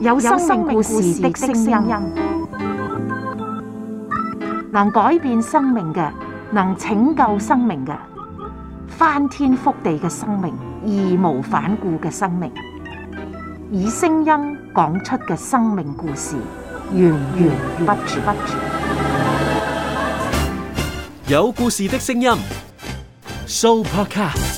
有生命故事的聲音，能改變生命嘅，能拯救生命嘅，翻天覆地嘅生命，義無反顧嘅生命，以聲音講出嘅生命故事，源源不絕。有故事的聲音，Soupercast。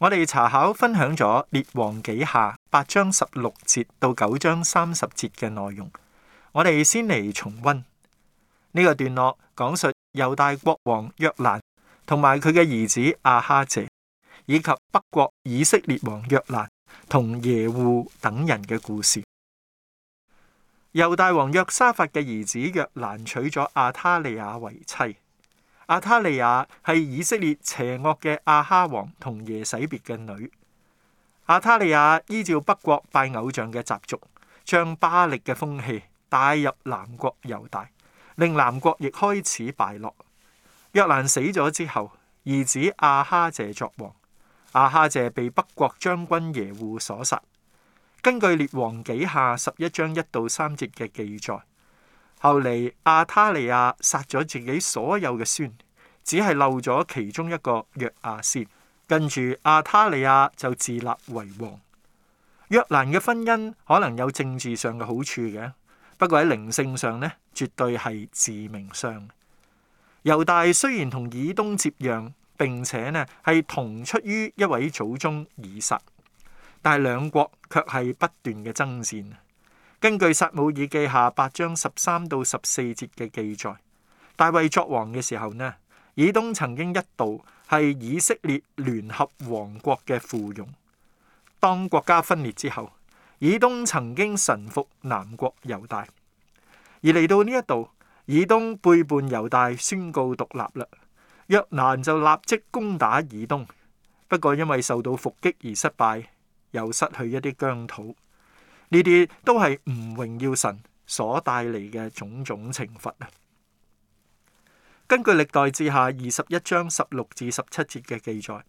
我哋查考分享咗列王紀下八章十六節到九章三十節嘅內容，我哋先嚟重溫呢、這個段落，講述猶大國王約蘭同埋佢嘅兒子亞哈謝，以及北國以色列王約蘭同耶戶等人嘅故事。猶大王約沙法嘅兒子約蘭娶咗亞他利亞為妻。亞他利雅係以色列邪惡嘅亞哈王同耶洗別嘅女。亞他利雅依照北國拜偶像嘅習俗，將巴力嘅風氣帶入南國猶大，令南國亦開始敗落。約蘭死咗之後，兒子亞哈謝作王。亞哈謝被北國將軍耶戶所殺。根據列王紀下十一章一到三節嘅記載。後嚟亞他利雅殺咗自己所有嘅孫，只係漏咗其中一個約亞先，跟住亞他利雅就自立為王。約蘭嘅婚姻可能有政治上嘅好處嘅，不過喺靈性上咧，絕對係致命傷。猶大雖然同以東接壤，並且呢係同出於一位祖宗以撒，但係兩國卻係不斷嘅爭戰。根據撒母耳記下八章十三到十四節嘅記載，大衛作王嘅時候呢，以東曾經一度係以色列聯合王國嘅附庸。當國家分裂之後，以東曾經臣服南國猶大，而嚟到呢一度，以東背叛猶大，宣告獨立嘞。約蘭就立即攻打以東，不過因為受到伏擊而失敗，又失去一啲疆土。呢啲都係唔榮耀神所帶嚟嘅種種懲罰啊！根據歷代志下二十一章十六至十七節嘅記載，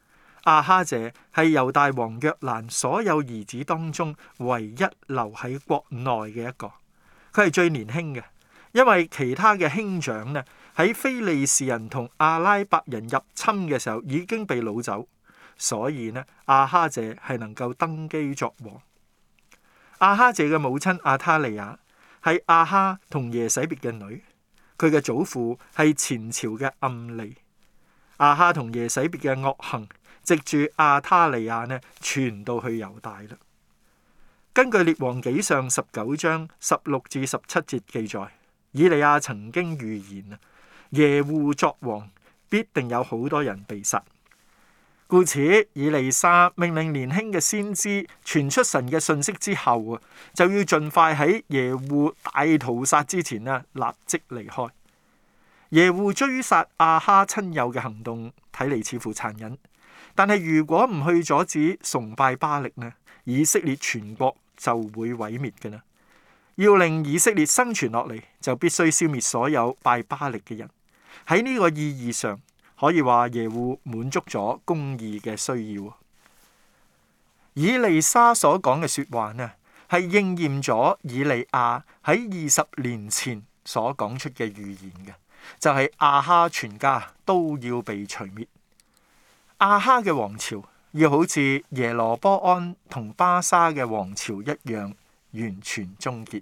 阿哈謝係猶大王約蘭所有兒子當中唯一留喺國內嘅一個。佢係最年輕嘅，因為其他嘅兄長呢，喺非利士人同阿拉伯人入侵嘅時候已經被擄走，所以呢，阿哈謝係能夠登基作王。阿哈姐嘅母親阿塔利亞係阿哈同耶洗別嘅女，佢嘅祖父係前朝嘅暗利。阿哈同耶洗別嘅惡行，藉住阿塔利亞呢傳到去猶大啦。根據列王紀上十九章十六至十七節記載，以利亞曾經預言啊耶戶作王必定有好多人被殺。故此，以利沙命令年輕嘅先知傳出神嘅信息之後啊，就要盡快喺耶戶大屠殺之前呢，立即離開。耶戶追殺亞哈親友嘅行動，睇嚟似乎殘忍，但係如果唔去阻止崇拜巴力呢，以色列全國就會毀滅嘅啦。要令以色列生存落嚟，就必須消滅所有拜巴力嘅人。喺呢個意義上。可以話，耶戶滿足咗公義嘅需要。以利沙所講嘅説話呢，係應驗咗以利亞喺二十年前所講出嘅預言嘅，就係亞哈全家都要被除滅，亞哈嘅王朝要好似耶羅波安同巴沙嘅王朝一樣完全終結。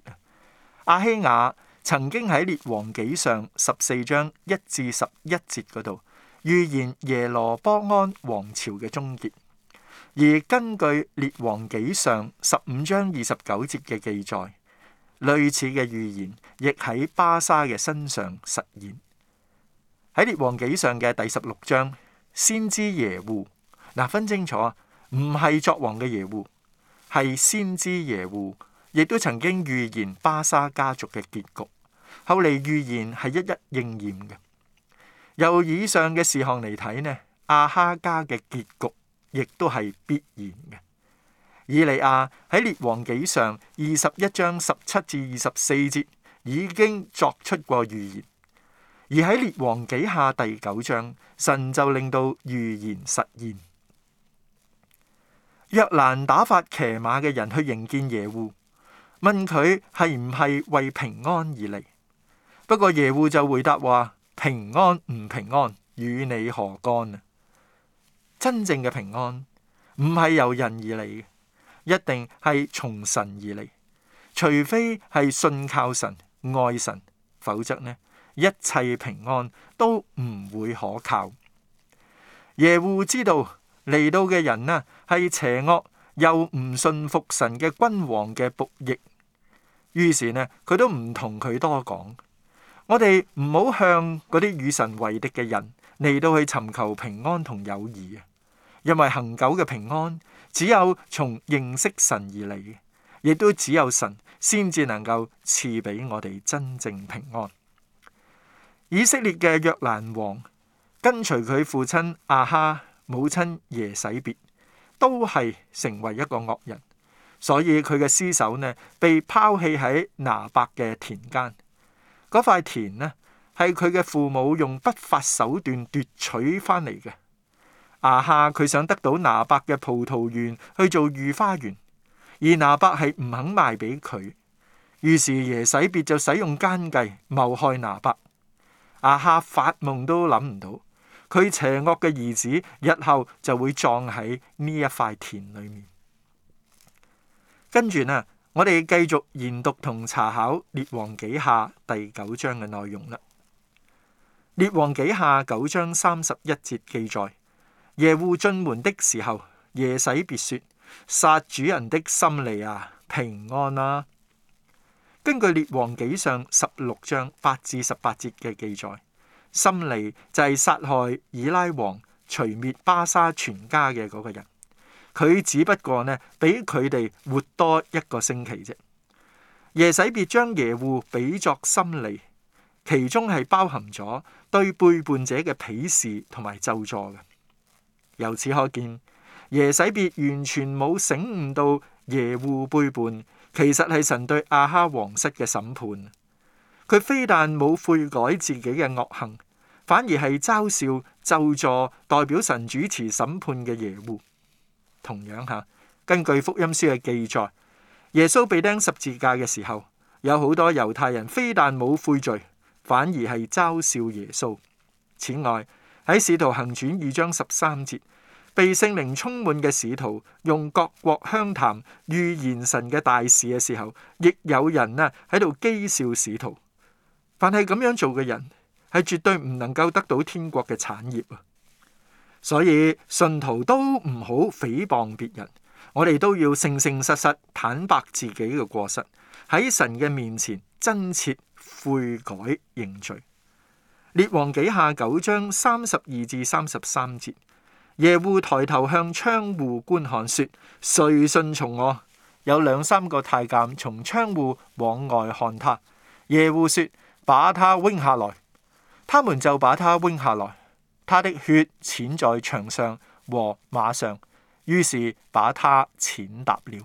阿希雅曾經喺列王紀上十四章一至十一節嗰度。預言耶羅波安王朝嘅終結，而根據《列王紀上》十五章二十九節嘅記載，類似嘅預言亦喺巴沙嘅身上實現。喺《列王紀上》嘅第十六章，先知耶戶嗱分清楚啊，唔係作王嘅耶戶，係先知耶戶，亦都曾經預言巴沙家族嘅結局，後嚟預言係一一應驗嘅。由以上嘅事項嚟睇呢，亞哈家嘅結局亦都係必然嘅。以利亞喺列王紀上二十一章十七至二十四節已經作出過預言，而喺列王紀下第九章，神就令到預言實現。約蘭打發騎馬嘅人去迎見耶戶，問佢係唔係為平安而嚟。不過耶戶就回答話。平安唔平安與你何干啊？真正嘅平安唔係由人而嚟嘅，一定係從神而嚟。除非係信靠神、愛神，否則呢一切平安都唔會可靠。耶戶知道嚟到嘅人呢係邪惡又唔信服神嘅君王嘅僕役，於是呢佢都唔同佢多講。我哋唔好向嗰啲與神為敵嘅人嚟到去尋求平安同友誼啊！因為恒久嘅平安只有從認識神而嚟嘅，亦都只有神先至能夠賜俾我哋真正平安。以色列嘅約蘭王跟隨佢父親亞哈、母親耶洗別，都係成為一個惡人，所以佢嘅屍首呢被拋棄喺拿伯嘅田間。嗰塊田呢，係佢嘅父母用不法手段奪取翻嚟嘅。亞哈佢想得到拿伯嘅葡萄園去做御花園，而拿伯係唔肯賣俾佢。於是耶洗別就使用奸計謀害拿伯。亞哈發夢都諗唔到，佢邪惡嘅兒子日後就會葬喺呢一塊田裡面。跟住呢、啊？我哋繼續研讀同查考《列王紀下》第九章嘅內容啦。《列王紀下》九章三十一節記載：耶戶進門的時候，耶洗別說：殺主人的心利啊，平安啦、啊。根據《列王紀上》十六章八至十八節嘅記載，心利就係殺害以拉王、除滅巴沙全家嘅嗰個人。佢只不過呢，比佢哋活多一個星期啫。耶洗別將耶戶比作心利，其中係包含咗對背叛者嘅鄙視同埋咒詛嘅。由此可見，耶洗別完全冇醒悟到耶戶背叛，其實係神對亞哈王室嘅審判。佢非但冇悔改自己嘅惡行，反而係嘲笑咒詛代表神主持審判嘅耶戶。同樣嚇，根據福音書嘅記載，耶穌被釘十字架嘅時候，有好多猶太人非但冇悔罪，反而係嘲笑耶穌。此外，喺使徒行傳二章十三節，被聖靈充滿嘅使徒用各國鄉談預言神嘅大事嘅時候，亦有人啊喺度譏笑使徒。凡係咁樣做嘅人，係絕對唔能夠得到天國嘅產業啊！所以信徒都唔好誹謗別人，我哋都要誠誠實實坦白自己嘅過失，喺神嘅面前真切悔改認罪。列王紀下九章三十二至三十三節，耶戶抬頭向窗戶觀看，說：誰信從我？有兩三個太監從窗戶往外看他，耶戶說：把他扔下來。他們就把他扔下來。他的血濺在牆上和馬上，於是把他踐踏了。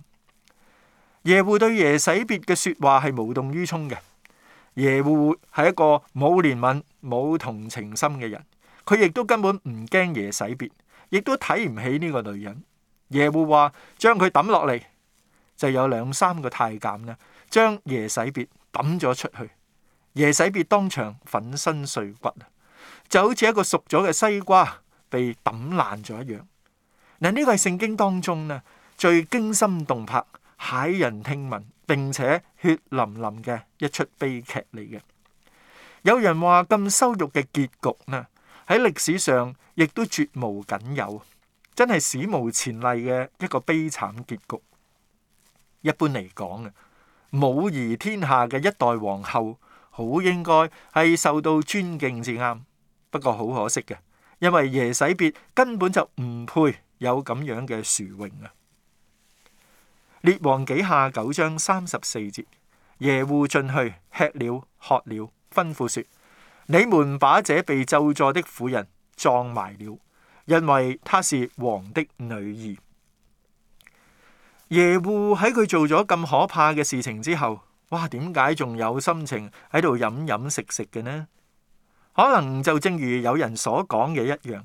耶戶對耶洗別嘅說話係無動於衷嘅。耶戶係一個冇憐憫、冇同情心嘅人，佢亦都根本唔驚耶洗別，亦都睇唔起呢個女人。耶戶話將佢抌落嚟，就有兩三個太監啦，將耶洗別抌咗出去。耶洗別當場粉身碎骨。就好似一個熟咗嘅西瓜被抌爛咗一樣。嗱，呢個係聖經當中呢最驚心動魄、駭人聽聞，並且血淋淋嘅一出悲劇嚟嘅。有人話咁羞辱嘅結局呢喺歷史上亦都絕無僅有，真係史無前例嘅一個悲慘結局。一般嚟講嘅母儀天下嘅一代皇后，好應該係受到尊敬至啱。不過好可惜嘅，因為耶洗別根本就唔配有咁樣嘅殊榮啊！列王紀下九章三十四節，耶戶進去吃了喝了，吩咐說：你們把這被咒詛的婦人葬埋了，因為她是王的女兒。耶戶喺佢做咗咁可怕嘅事情之後，哇！點解仲有心情喺度飲飲食食嘅呢？可能就正如有人所講嘅一樣，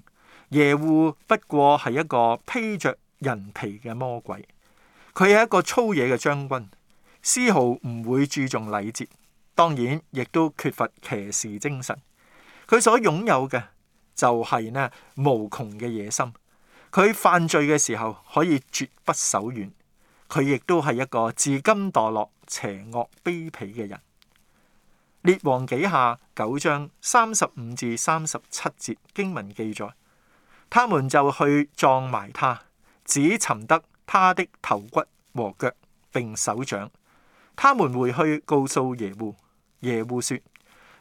耶戶不過係一個披着人皮嘅魔鬼。佢係一個粗野嘅將軍，絲毫唔會注重禮節，當然亦都缺乏騎士精神。佢所擁有嘅就係呢無窮嘅野心。佢犯罪嘅時候可以絕不手軟，佢亦都係一個自甘墮落、邪惡卑鄙嘅人。列王紀下九章三十五至三十七節經文記載，他們就去葬埋他，只尋得他的頭骨和腳並手掌。他們回去告訴耶戶，耶戶說：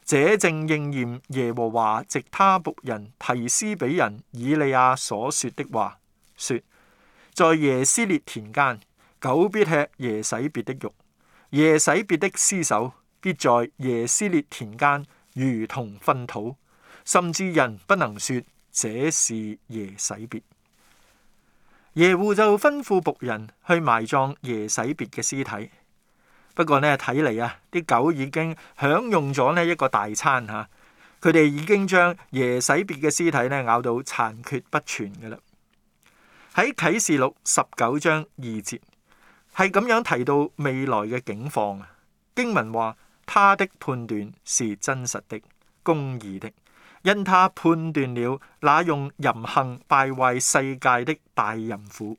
這正應驗耶和華藉他僕人提斯比人以利亞所說的話，說在耶斯列田間，狗必吃耶洗別的肉，耶洗別的屍首。必在耶斯列田間，如同糞土，甚至人不能說這是耶洗別。耶戶就吩咐僕人去埋葬耶洗別嘅屍體。不過呢，睇嚟啊，啲狗已經享用咗呢一個大餐吓，佢哋已經將耶洗別嘅屍體呢咬到殘缺不全㗎喇。喺啟示錄十九章二節係咁樣提到未來嘅境況啊，經文話。他的判斷是真實的、公義的，因他判斷了那用淫行敗壞世界的大淫婦，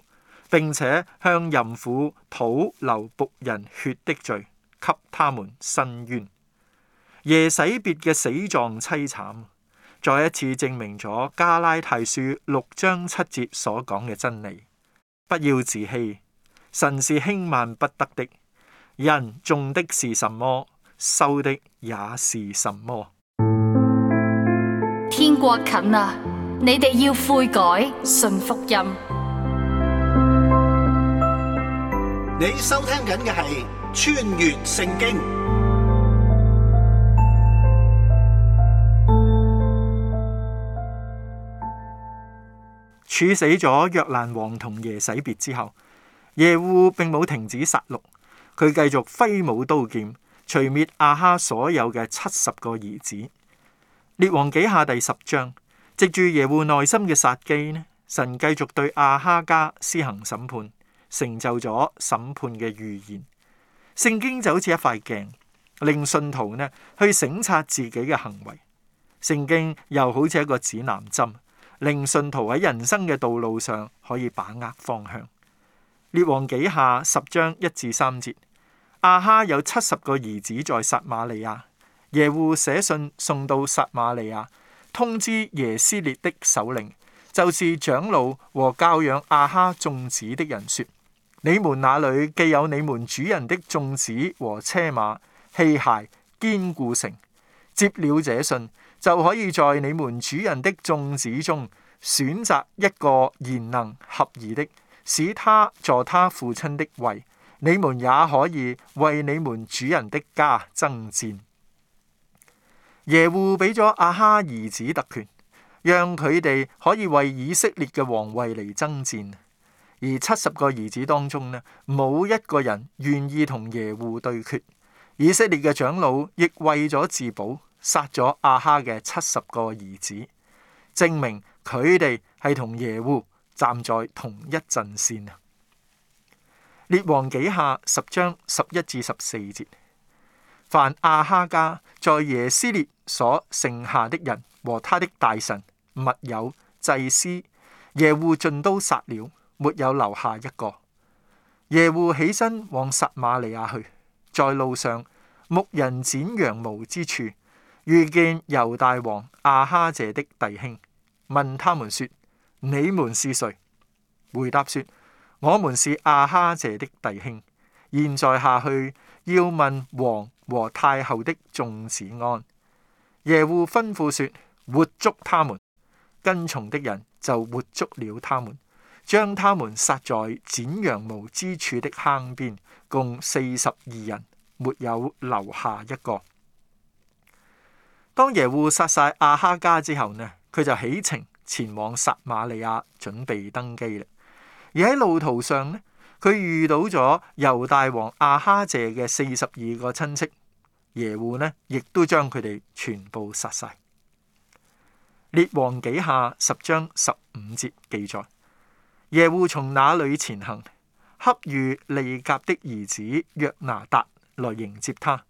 並且向淫婦討流僕人血的罪，給他們申冤。耶洗別嘅死狀凄慘，再一次證明咗加拉太書六章七節所講嘅真理：不要自欺，神是輕慢不得的。人種的是什麼？收的也是什麼？天國近啦，你哋要悔改，信福音。你收聽緊嘅係穿越聖經。處死咗約蘭王同耶洗別之後，耶戶並冇停止殺戮，佢繼續揮舞刀劍。除滅亞哈所有嘅七十個兒子。列王紀下第十章，藉住耶戶內心嘅殺機呢，神繼續對亞哈家施行審判，成就咗審判嘅預言。聖經就好似一塊鏡，令信徒呢去省察自己嘅行為。聖經又好似一個指南針，令信徒喺人生嘅道路上可以把握方向。列王紀下十章一至三節。阿哈有七十個兒子在撒馬利亞。耶戶寫信送到撒馬利亞，通知耶斯列的首領，就是長老和教養阿哈眾子的人說：你們那裏既有你們主人的眾子和車馬、器械、堅固城，接了這信，就可以在你們主人的眾子中選擇一個賢能合宜的，使他坐他父親的位。你們也可以為你們主人的家爭戰。耶戶俾咗阿哈兒子特權，讓佢哋可以為以色列嘅王位嚟爭戰。而七十個兒子當中呢，冇一個人願意同耶戶對決。以色列嘅長老亦為咗自保，殺咗阿哈嘅七十個兒子，證明佢哋係同耶戶站在同一陣線啊！列王記下十章十一至十四節，凡亞哈家在耶斯列所剩下的人和他的大臣、密友、祭司耶戶盡都殺了，沒有留下一個。耶戶起身往撒馬利亞去，在路上牧人剪羊毛之處遇見猶大王亞哈謝的弟兄，問他們說：你們是誰？回答說。我們是阿哈謝的弟兄，現在下去要問王和太后的眾子安。耶戶吩咐說：活捉他們，跟從的人就活捉了他們，將他們殺在剪羊毛之處的坑邊，共四十二人，沒有留下一個。當耶戶殺晒阿哈家之後呢，佢就起程前往撒馬利亞，準備登基啦。而喺路途上呢，佢遇到咗猶大王亞哈謝嘅四十二個親戚，耶戶呢亦都將佢哋全部殺晒。列王紀下十章十五節記載：耶戶從那裏前行，恰遇利甲的兒子約拿達來迎接他。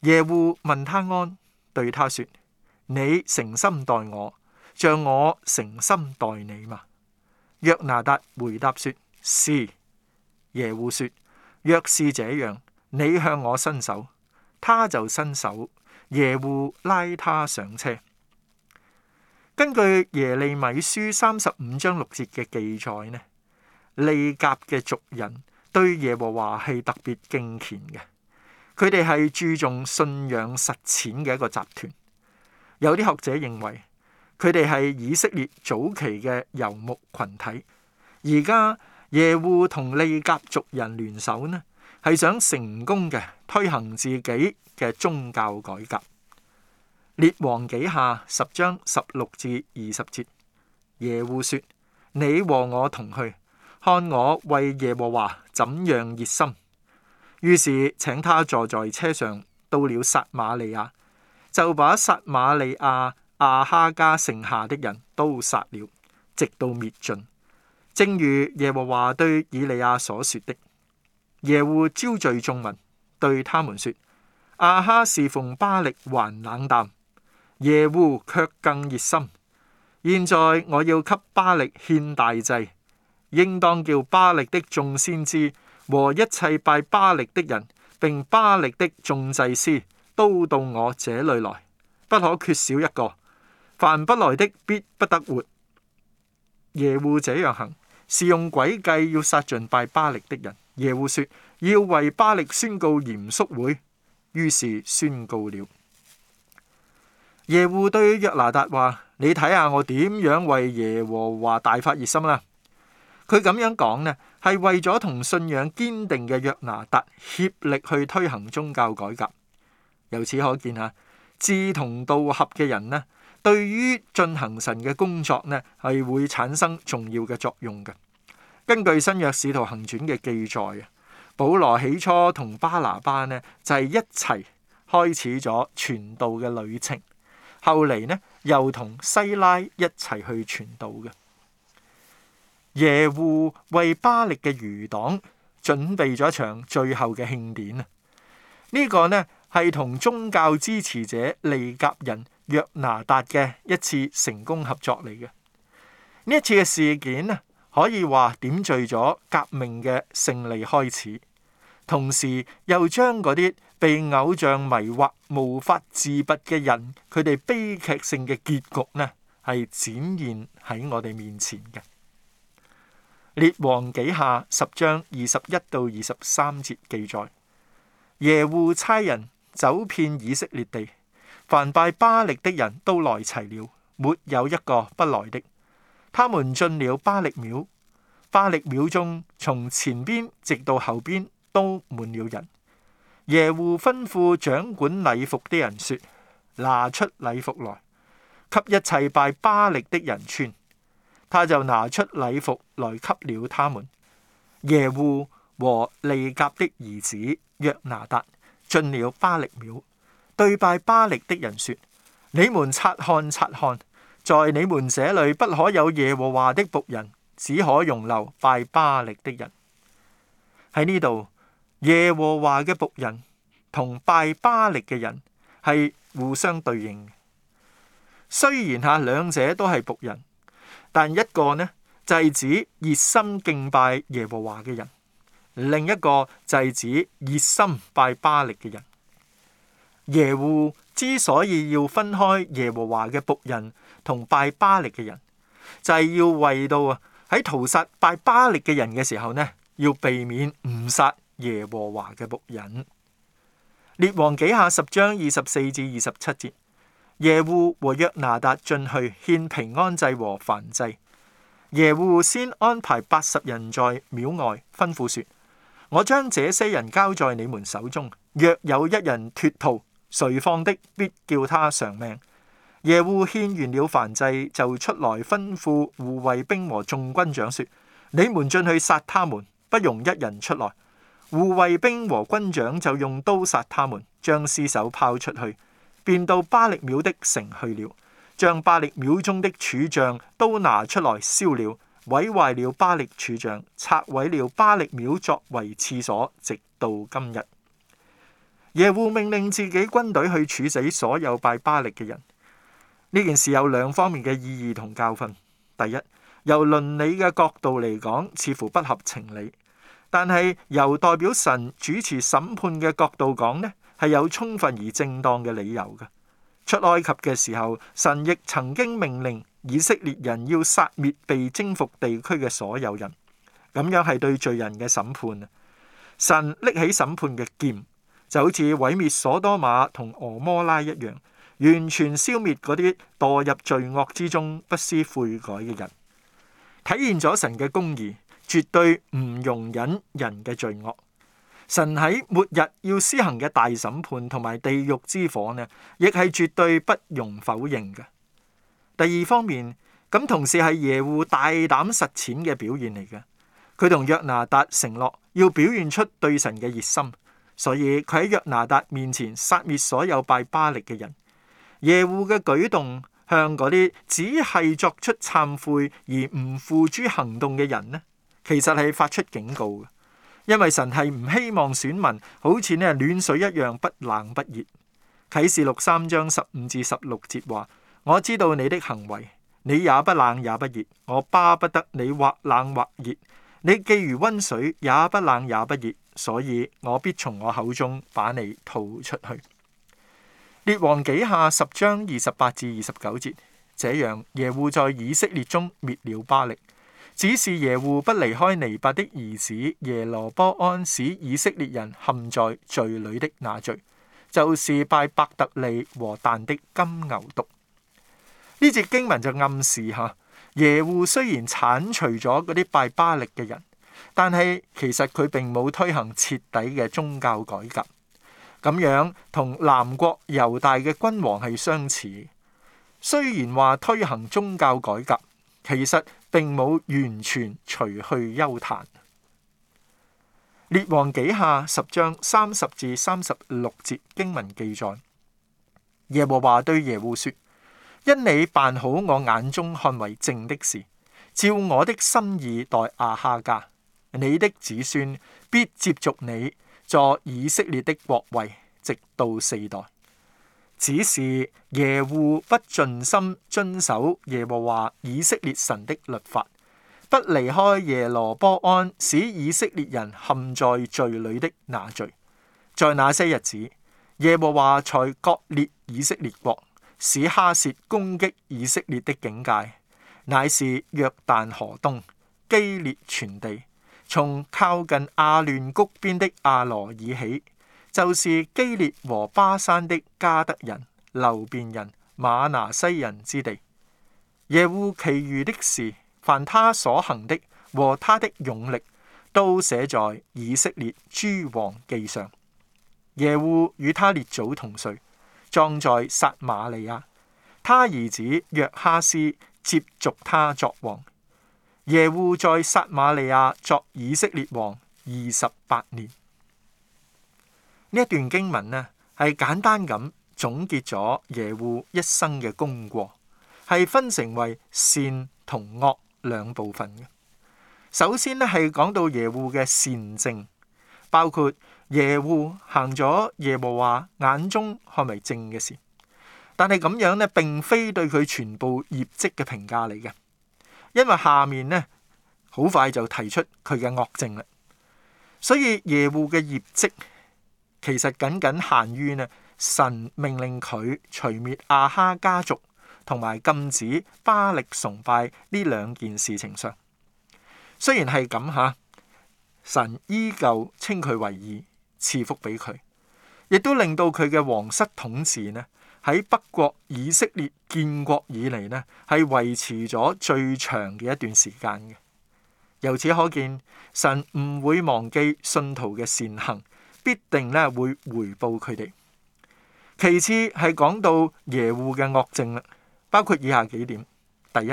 耶戶問他安，對他說：你誠心待我，像我誠心待你嘛？約拿達回答說：是。耶戶說：若是這樣，你向我伸手，他就伸手。耶戶拉他上車。根據耶利米書三十五章六節嘅記載呢，利甲嘅族人對耶和華係特別敬虔嘅，佢哋係注重信仰實踐嘅一個集團。有啲學者認為，佢哋係以色列早期嘅遊牧群體，而家耶戶同利甲族人聯手呢，係想成功嘅推行自己嘅宗教改革。列王紀下十章十六至二十節，耶戶說：你和我同去，看我為耶和華怎樣熱心。於是請他坐在車上，到了撒瑪利亞，就把撒瑪利亞亞哈家剩下的人都殺了，直到滅盡，正如耶和華對以利亞所說的。耶戶招聚眾民，對他們說：亞哈侍奉巴力還冷淡，耶戶卻更熱心。現在我要給巴力獻大祭，應當叫巴力的眾先知和一切拜巴力的人，並巴力的眾祭司都到我這裏來，不可缺少一個。凡不來的必不得活。耶戶這樣行，是用詭計要殺盡拜巴力的人。耶戶說要為巴力宣告嚴肅會，於是宣告了。耶戶對約拿達話：你睇下我點樣為耶和華大發熱心啦！佢咁樣講呢，係為咗同信仰堅定嘅約拿達協力去推行宗教改革。由此可見啊，志同道合嘅人呢，對於進行神嘅工作呢，係會產生重要嘅作用嘅。根據新約使徒行傳嘅記載啊，保羅起初同巴拿巴呢就係、是、一齊開始咗傳道嘅旅程，後嚟呢又同西拉一齊去傳道嘅。耶戶為巴力嘅餘黨準備咗一場最後嘅慶典啊！呢、這個呢係同宗教支持者利甲人。約拿達嘅一次成功合作嚟嘅呢一次嘅事件呢，可以話點綴咗革命嘅勝利開始，同時又將嗰啲被偶像迷惑、無法自拔嘅人，佢哋悲劇性嘅結局呢，係展現喺我哋面前嘅。列王紀下十章二十一到二十三節記載，耶戶差人走遍以色列地。凡拜巴力的人都來齊了，沒有一個不來的。他們進了巴力廟，巴力廟中從前邊直到後邊都滿了人。耶戶吩咐掌管禮服的人說：拿出禮服來，給一切拜巴力的人穿。他就拿出禮服來給了他們。耶戶和利甲的兒子約拿達進了巴力廟。對拜巴力的人說：你們察看察看，在你們這裏不可有耶和華的僕人，只可容留拜巴力的人。喺呢度，耶和華嘅僕人同拜巴力嘅人係互相對應。雖然吓兩者都係僕人，但一個呢就係指熱心敬拜耶和華嘅人，另一個就係指熱心拜巴力嘅人。耶戶之所以要分開耶和華嘅僕人同拜巴力嘅人，就係、是、要為到啊喺屠殺拜巴力嘅人嘅時候呢，要避免誤殺耶和華嘅僕人。列王紀下十章二十四至二十七節，耶戶和約拿達進去獻平安祭和燔祭。耶戶先安排八十人在廟外，吩咐說：我將這些人交在你們手中，若有一人脫逃。誰放的，必叫他償命。夜戶獻完了燔祭，就出來吩咐護衛兵和眾軍長說：你們進去殺他們，不容一人出來。護衛兵和軍長就用刀殺他們，將屍首拋出去，便到巴力廟的城去了，將巴力廟中的柱像都拿出來燒了，毀壞了巴力柱像，拆毀了巴力廟作為廁所，直到今日。耶戶命令自己軍隊去處死所有拜巴力嘅人。呢件事有兩方面嘅意義同教訓。第一，由倫理嘅角度嚟講，似乎不合情理；但係由代表神主持審判嘅角度講呢，係有充分而正當嘅理由嘅。出埃及嘅時候，神亦曾經命令以色列人要殺滅被征服地區嘅所有人，咁樣係對罪人嘅審判啊。神拎起審判嘅劍。就好似毀滅所多瑪同俄摩拉一樣，完全消滅嗰啲墮入罪惡之中不思悔改嘅人，體現咗神嘅公義，絕對唔容忍人嘅罪惡。神喺末日要施行嘅大審判同埋地獄之火呢，亦係絕對不容否認嘅。第二方面，咁同時係耶戶大膽實踐嘅表現嚟嘅。佢同約拿達承諾要表現出對神嘅熱心。所以佢喺約拿達面前殺滅所有拜巴力嘅人。耶戶嘅舉動向嗰啲只係作出懺悔而唔付諸行動嘅人咧，其實係發出警告嘅，因為神係唔希望選民好似咧暖水一樣不冷不熱。啟示錄三章十五至十六節話：我知道你的行為，你也不冷也不熱，我巴不得你或冷或熱，你既如溫水，也不冷也不熱。所以我必從我口中把你吐出去。列王紀下十章二十八至二十九節，這樣耶戶在以色列中滅了巴力，只是耶戶不離開尼八的兒子耶羅波安使以色列人陷在罪裏的那罪，就是拜伯特利和但的金牛犢。呢節經文就暗示吓，耶戶雖然鏟除咗嗰啲拜巴力嘅人。但係，其實佢並冇推行徹底嘅宗教改革，咁樣同南國猶大嘅君王係相似。雖然話推行宗教改革，其實並冇完全除去邱壇。列王紀下十章三十至三十六節經文記載：耶和華對耶戶說：因你辦好我眼中看為正的事，照我的心意待亞哈家。你的子孫必接續你坐以色列的國位，直到四代。只是耶戶不盡心遵守耶和華以色列神的律法，不離開耶羅波安，使以色列人陷在罪裏的那罪，在那些日子，耶和華才割裂以色列國，使哈薛攻擊以色列的境界，乃是約旦河東基列全地。從靠近亞嫩谷邊的亞羅珥起，就是基列和巴珊的迦得人、流便人、瑪拿西人之地。耶戶其餘的事，凡他所行的和他的勇力，都寫在以色列諸王記上。耶戶與他列祖同睡，葬在撒瑪利亞。他兒子約哈斯接續他作王。耶戶在撒瑪利亞作以色列王二十八年。呢一段經文呢，係簡單咁總結咗耶戶一生嘅功過，係分成為善同惡兩部分嘅。首先呢，係講到耶戶嘅善政，包括耶戶行咗耶和華眼中看為正嘅事。但係咁樣呢，並非對佢全部業績嘅評價嚟嘅。因為下面咧，好快就提出佢嘅惡政啦，所以耶戶嘅業績其實僅僅限於呢，神命令佢除滅亞哈家族，同埋禁止巴力崇拜呢兩件事情上。雖然係咁吓，神依舊稱佢為義，賜福俾佢，亦都令到佢嘅皇室統治呢。喺北國以色列建國以嚟呢，係維持咗最長嘅一段時間嘅。由此可見，神唔會忘記信徒嘅善行，必定咧會回報佢哋。其次係講到耶戶嘅惡政啦，包括以下幾點：第一，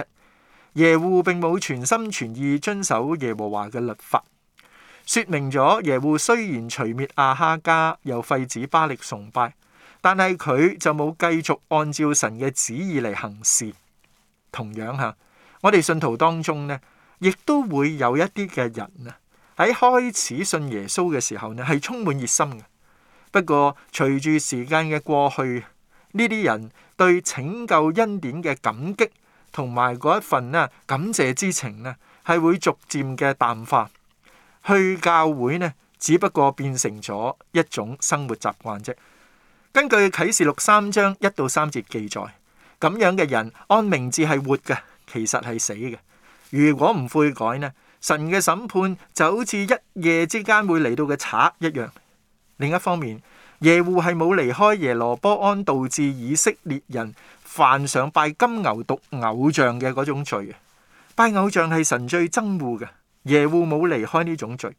耶戶並冇全心全意遵守耶和華嘅律法，說明咗耶戶雖然除滅亞哈家，又廢止巴力崇拜。但係佢就冇繼續按照神嘅旨意嚟行事。同樣吓，我哋信徒當中呢，亦都會有一啲嘅人啊，喺開始信耶穌嘅時候呢，係充滿熱心嘅。不過隨住時間嘅過去，呢啲人對拯救恩典嘅感激同埋嗰一份呢感謝之情呢，係會逐漸嘅淡化。去教會呢，只不過變成咗一種生活習慣啫。根據啟示錄三章一到三節記載，咁樣嘅人按名字係活嘅，其實係死嘅。如果唔悔改呢，神嘅審判就好似一夜之間會嚟到嘅賊一樣。另一方面，耶戶係冇離開耶羅波安，導致以色列人犯上拜金牛犢偶像嘅嗰種罪。拜偶像係神最憎惡嘅，耶戶冇離開呢種罪，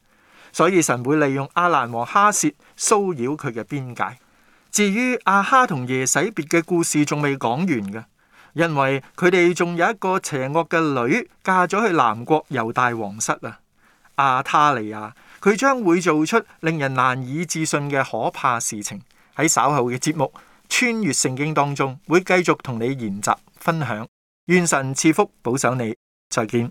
所以神會利用阿蘭和哈薛騷擾佢嘅邊界。至於阿哈同耶洗別嘅故事仲未講完嘅，因為佢哋仲有一個邪惡嘅女嫁咗去南國猶大皇室啊，亞他利雅，佢將會做出令人難以置信嘅可怕事情。喺稍後嘅節目穿越聖經當中，會繼續同你研習分享。願神賜福保守你，再見。